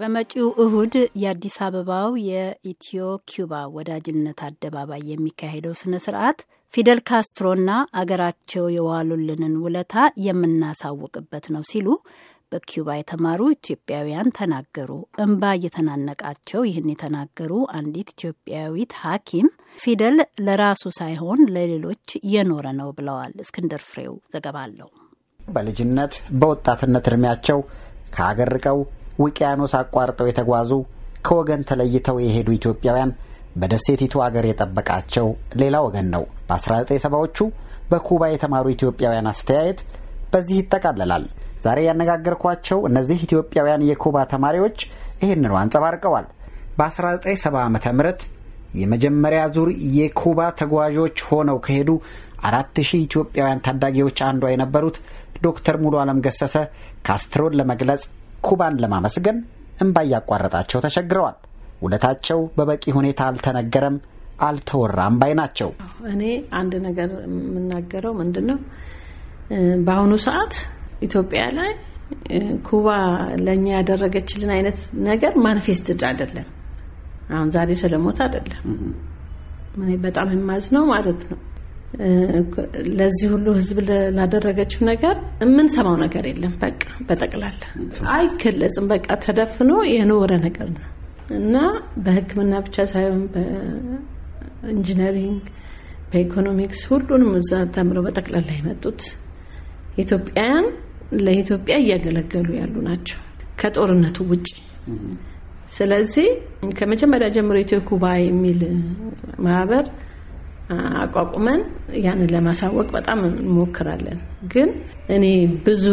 በመጪው እሁድ የአዲስ አበባው የኢትዮ ኪዩባ ወዳጅነት አደባባይ የሚካሄደው ስነ ስርዓት ፊደል ካስትሮና አገራቸው የዋሉልንን ውለታ የምናሳውቅበት ነው ሲሉ በኪዩባ የተማሩ ኢትዮጵያውያን ተናገሩ። እንባ እየተናነቃቸው ይህን የተናገሩ አንዲት ኢትዮጵያዊት ሐኪም ፊደል ለራሱ ሳይሆን ለሌሎች የኖረ ነው ብለዋል። እስክንድር ፍሬው ዘገባ አለው። በልጅነት በወጣትነት እድሜያቸው ከሀገር ርቀው ውቅያኖስ አቋርጠው የተጓዙ ከወገን ተለይተው የሄዱ ኢትዮጵያውያን በደሴቲቱ አገር የጠበቃቸው ሌላ ወገን ነው። በ1970ዎቹ በኩባ የተማሩ ኢትዮጵያውያን አስተያየት በዚህ ይጠቃለላል። ዛሬ ያነጋገርኳቸው እነዚህ ኢትዮጵያውያን የኩባ ተማሪዎች ይህንኑ አንጸባርቀዋል። በ1970 ዓ ም የመጀመሪያ ዙር የኩባ ተጓዦች ሆነው ከሄዱ አራት ሺህ ኢትዮጵያውያን ታዳጊዎች አንዷ የነበሩት ዶክተር ሙሉ አለም ገሰሰ ካስትሮን ለመግለጽ ኩባን ለማመስገን እምባ እያቋረጣቸው ተቸግረዋል። ውለታቸው በበቂ ሁኔታ አልተነገረም፣ አልተወራም ባይ ናቸው። እኔ አንድ ነገር የምናገረው ምንድን ነው በአሁኑ ሰዓት ኢትዮጵያ ላይ ኩባ ለእኛ ያደረገችልን አይነት ነገር ማኒፌስትድ አይደለም። አሁን ዛሬ ስለሞት አይደለም። እኔ በጣም ነው ማለት ነው ለዚህ ሁሉ ህዝብ ላደረገችው ነገር የምንሰማው ነገር የለም። በቃ በጠቅላላ አይገለጽም። በቃ ተደፍኖ የኖረ ነገር ነው እና በህክምና ብቻ ሳይሆን በኢንጂነሪንግ፣ በኢኮኖሚክስ ሁሉንም እዛ ተምረው በጠቅላላ የመጡት ኢትዮጵያውያን ለኢትዮጵያ እያገለገሉ ያሉ ናቸው ከጦርነቱ ውጭ። ስለዚህ ከመጀመሪያ ጀምሮ ኢትዮ ኩባ የሚል ማህበር አቋቁመን ያንን ለማሳወቅ በጣም እንሞክራለን። ግን እኔ ብዙ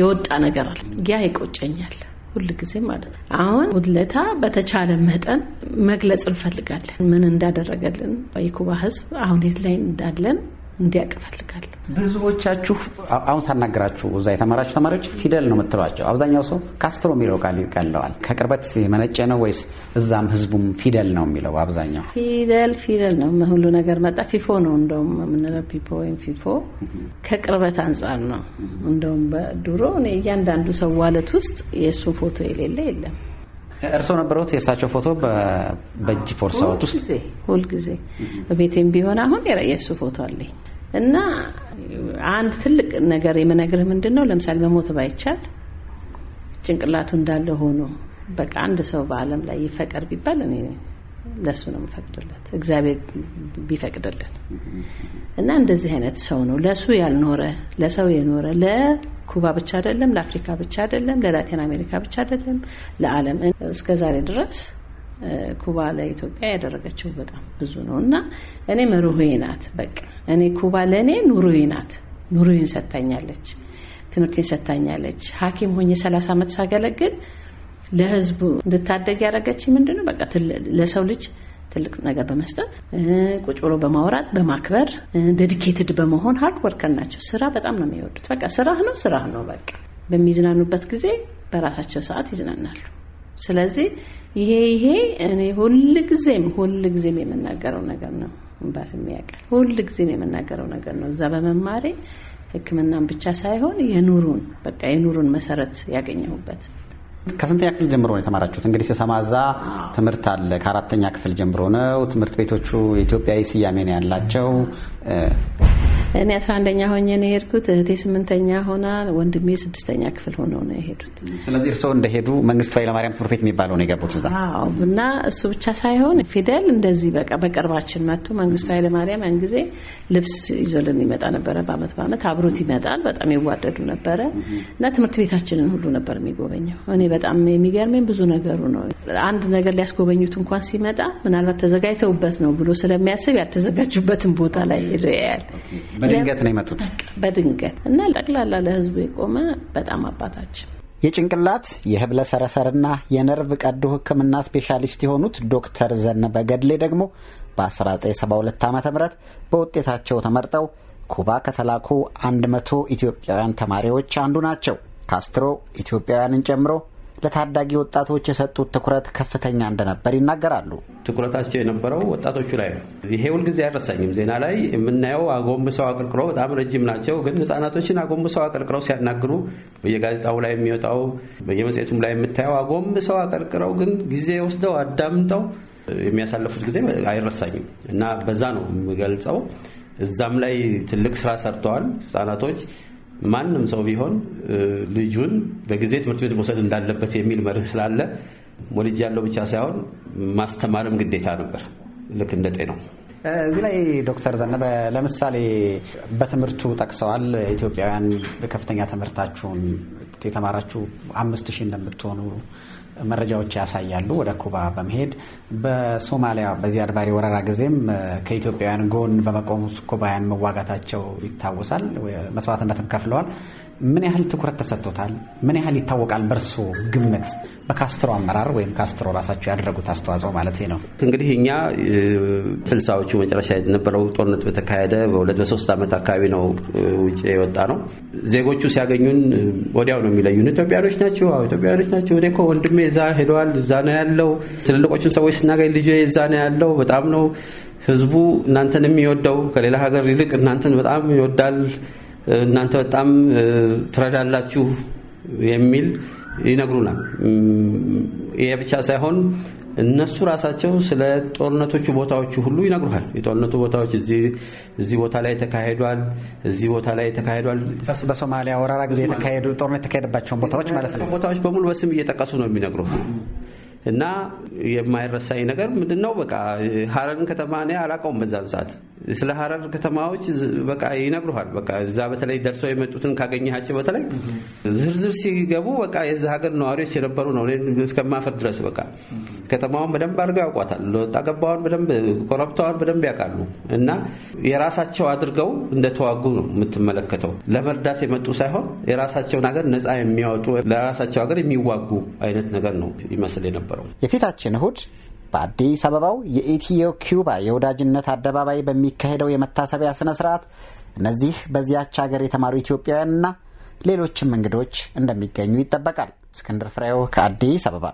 የወጣ ነገር አለ፣ ያ ይቆጨኛል ሁል ጊዜ ማለት ነው። አሁን ውድለታ በተቻለ መጠን መግለጽ እንፈልጋለን፣ ምን እንዳደረገልን የኩባ ህዝብ አሁን የት ላይ እንዳለን እንዲያውቅ እፈልጋለሁ። ብዙዎቻችሁ አሁን ሳናገራችሁ እዛ የተማራችሁ ተማሪዎች ፊደል ነው የምትሏቸው። አብዛኛው ሰው ካስትሮ የሚለው ቃል ይቀለዋል። ከቅርበት የመነጨ ነው ወይስ እዛም ህዝቡም ፊደል ነው የሚለው? አብዛኛው ፊደል ፊደል ነው። ሁሉ ነገር መጣ ፊፎ ነው እንደውም የምንለው ፒፖ ወይም ፊፎ ከቅርበት አንጻር ነው። እንደውም በድሮ እያንዳንዱ ሰው ዋለት ውስጥ የእሱ ፎቶ የሌለ የለም። እርስዎ ነበረዎት የእሳቸው ፎቶ በእጅ ቦርሳዎት ውስጥ ሁልጊዜ? ቤቴም ቢሆን አሁን የሱ ፎቶ አለኝ። እና አንድ ትልቅ ነገር የምነግርህ ምንድን ነው፣ ለምሳሌ መሞት ባይቻል ጭንቅላቱ እንዳለ ሆኖ በቃ አንድ ሰው በዓለም ላይ ይፈቀር ቢባል እኔ ለሱ ነው የምፈቅድለት፣ እግዚአብሔር ቢፈቅድልን እና እንደዚህ አይነት ሰው ነው ለሱ ያልኖረ ለሰው የኖረ ለኩባ ብቻ አይደለም፣ ለአፍሪካ ብቻ አይደለም፣ ለላቲን አሜሪካ ብቻ አይደለም፣ ለዓለም ዛሬ ድረስ ኩባ ለኢትዮጵያ ያደረገችው በጣም ብዙ ነው እና እኔ መርሆዬ ናት። በቃ እኔ ኩባ ለእኔ ኑሮዬ ናት። ኑሮዬን ሰታኛለች፣ ትምህርቴን ሰታኛለች። ሐኪም ሆኜ ሰላሳ ዓመት ሳገለግል ለህዝቡ እንድታደግ ያደረገች ምንድነው በቃ ለሰው ልጅ ትልቅ ነገር በመስጠት ቁጭ ብሎ በማውራት በማክበር ዴዲኬትድ በመሆን ሀርድ ወርከር ናቸው። ስራ በጣም ነው የሚወዱት። በቃ ስራህ ነው ስራህ ነው። በቃ በሚዝናኑበት ጊዜ በራሳቸው ሰዓት ይዝናናሉ። ስለዚህ ይሄ ይሄ እኔ ሁል ጊዜም የምናገረው ነገር ነው። እምባስ የሚያውቃል ሁልጊዜም የምናገረው ነገር ነው። እዛ በመማሬ ሕክምናን ብቻ ሳይሆን የኑሩን በቃ የኑሩን መሰረት ያገኘሁበት ከስንት ያክል ጀምሮ ነው የተማራችሁት? እንግዲህ ስሰማ እዛ ትምህርት አለ። ከአራተኛ ክፍል ጀምሮ ነው ትምህርት ቤቶቹ የኢትዮጵያዊ ስያሜ ነው ያላቸው። እኔ አስራ አንደኛ ሆኜ ነው የሄድኩት። እህቴ ስምንተኛ ሆና ወንድሜ ስድስተኛ ክፍል ሆነው ነው የሄዱት። ስለዚህ እርስዎ እንደሄዱ መንግስቱ ኃይለማርያም ትምህርት ቤት የሚባለው ነው የገቡት እዛ? እና እሱ ብቻ ሳይሆን ፊደል እንደዚህ በቃ በቅርባችን መጥቶ መንግስቱ ኃይለማርያም ያን ጊዜ ልብስ ይዞልን ይመጣ ነበረ። በአመት በአመት አብሮት ይመጣል። በጣም ይዋደዱ ነበረ እና ትምህርት ቤታችንን ሁሉ ነበር የሚጎበኘው። እኔ በጣም የሚገርመኝ ብዙ ነገሩ ነው። አንድ ነገር ሊያስጎበኙት እንኳን ሲመጣ ምናልባት ተዘጋጅተውበት ነው ብሎ ስለሚያስብ ያልተዘጋጁበትን ቦታ ላይ ይል በድንገት ነው የመጡት። በድንገት እና ጠቅላላ ለህዝቡ የቆመ በጣም አባታችን የጭንቅላት የህብለ ሰረሰርና የነርቭ ቀዶ ህክምና ስፔሻሊስት የሆኑት ዶክተር ዘነበ ገድሌ ደግሞ በ1972 ዓ ም በውጤታቸው ተመርጠው ኩባ ከተላኩ 100 ኢትዮጵያውያን ተማሪዎች አንዱ ናቸው። ካስትሮ ኢትዮጵያውያንን ጨምሮ ለታዳጊ ወጣቶች የሰጡት ትኩረት ከፍተኛ እንደነበር ይናገራሉ። ትኩረታቸው የነበረው ወጣቶቹ ላይ ነው። ይሄ ሁልጊዜ አይረሳኝም። ዜና ላይ የምናየው አጎንብሰው አቀርቅረው በጣም ረጅም ናቸው፣ ግን ህጻናቶችን አጎንብሰው አቀርቅረው ሲያናግሩ በየጋዜጣው ላይ የሚወጣው በየመጽሔቱም ላይ የምታየው አጎንብሰው አቀርቅረው ግን ጊዜ ወስደው አዳምጠው የሚያሳለፉት ጊዜ አይረሳኝም እና በዛ ነው የምገልጸው። እዛም ላይ ትልቅ ስራ ሰርተዋል ህጻናቶች ማንም ሰው ቢሆን ልጁን በጊዜ ትምህርት ቤት መውሰድ እንዳለበት የሚል መርህ ስላለ ወልጅ ያለው ብቻ ሳይሆን ማስተማርም ግዴታ ነበር። ልክ እንደ ጤናው እዚህ ላይ ዶክተር ዘነበ ለምሳሌ በትምህርቱ ጠቅሰዋል። ኢትዮጵያውያን ከፍተኛ ትምህርታችሁን የተማራችሁ አምስት ሺህ እንደምትሆኑ መረጃዎች ያሳያሉ። ወደ ኩባ በመሄድ በሶማሊያ በዚህ አድባሪ ወረራ ጊዜም ከኢትዮጵያውያን ጎን በመቆም ኩባውያን መዋጋታቸው ይታወሳል። መስዋዕትነትም ከፍለዋል። ምን ያህል ትኩረት ተሰጥቶታል? ምን ያህል ይታወቃል? በእርሶ ግምት በካስትሮ አመራር ወይም ካስትሮ ራሳቸው ያደረጉት አስተዋጽኦ ማለት ነው። እንግዲህ እኛ ስልሳዎቹ መጨረሻ የነበረው ጦርነት በተካሄደ በሁለት በሶስት ዓመት አካባቢ ነው ውጭ የወጣ ነው። ዜጎቹ ሲያገኙን ወዲያው ነው የሚለዩን። ኢትዮጵያኖች ናቸው፣ ኢትዮጵያኖች ናቸው። እኔ እኮ ወንድሜ እዛ ሄደዋል፣ እዛ ነው ያለው። ትልልቆቹን ሰዎች ስናገኝ ልጅ እዛ ነው ያለው፣ በጣም ነው ህዝቡ እናንተን የሚወደው ከሌላ ሀገር ይልቅ እናንተን በጣም ይወዳል እናንተ በጣም ትረዳላችሁ የሚል ይነግሩናል። ይሄ ብቻ ሳይሆን እነሱ ራሳቸው ስለ ጦርነቶቹ ቦታዎቹ ሁሉ ይነግሩሃል። የጦርነቱ ቦታዎች እዚህ ቦታ ላይ ተካሂዷል፣ እዚህ ቦታ ላይ ተካሂዷል። በሶማሊያ ወረራ ጊዜ ጦርነት የተካሄደባቸውን ቦታዎች ማለት ነው። ቦታዎች በሙሉ በስም እየጠቀሱ ነው የሚነግሩ እና የማይረሳኝ ነገር ምንድነው በቃ ሀረርን ከተማ እኔ አላውቀውም። በዛን ሰዓት ስለ ሀረር ከተማዎች በቃ ይነግሩሃል። በቃ እዛ በተለይ ደርሰው የመጡትን ካገኘሃቸው በተለይ ዝርዝር ሲገቡ በቃ የዛ ሀገር ነዋሪዎች የነበሩ ነው እስከማፈር ድረስ በቃ ከተማውን በደንብ አድርገው ያውቋታል። ለወጣ ገባዋን በደንብ ኮረብታዋን በደንብ ያውቃሉ እና የራሳቸው አድርገው እንደተዋጉ ነው የምትመለከተው። ለመርዳት የመጡ ሳይሆን የራሳቸውን ሀገር ነፃ የሚያወጡ ለራሳቸው ሀገር የሚዋጉ አይነት ነገር ነው ይመስል የነበረው። የፊታችን እሁድ በአዲስ አበባው የኢትዮ ኪዩባ የወዳጅነት አደባባይ በሚካሄደው የመታሰቢያ ስነ ስርዓት እነዚህ በዚያች ሀገር የተማሩ ኢትዮጵያውያንና ሌሎችም እንግዶች እንደሚገኙ ይጠበቃል። እስክንድር ፍሬው ከአዲስ አበባ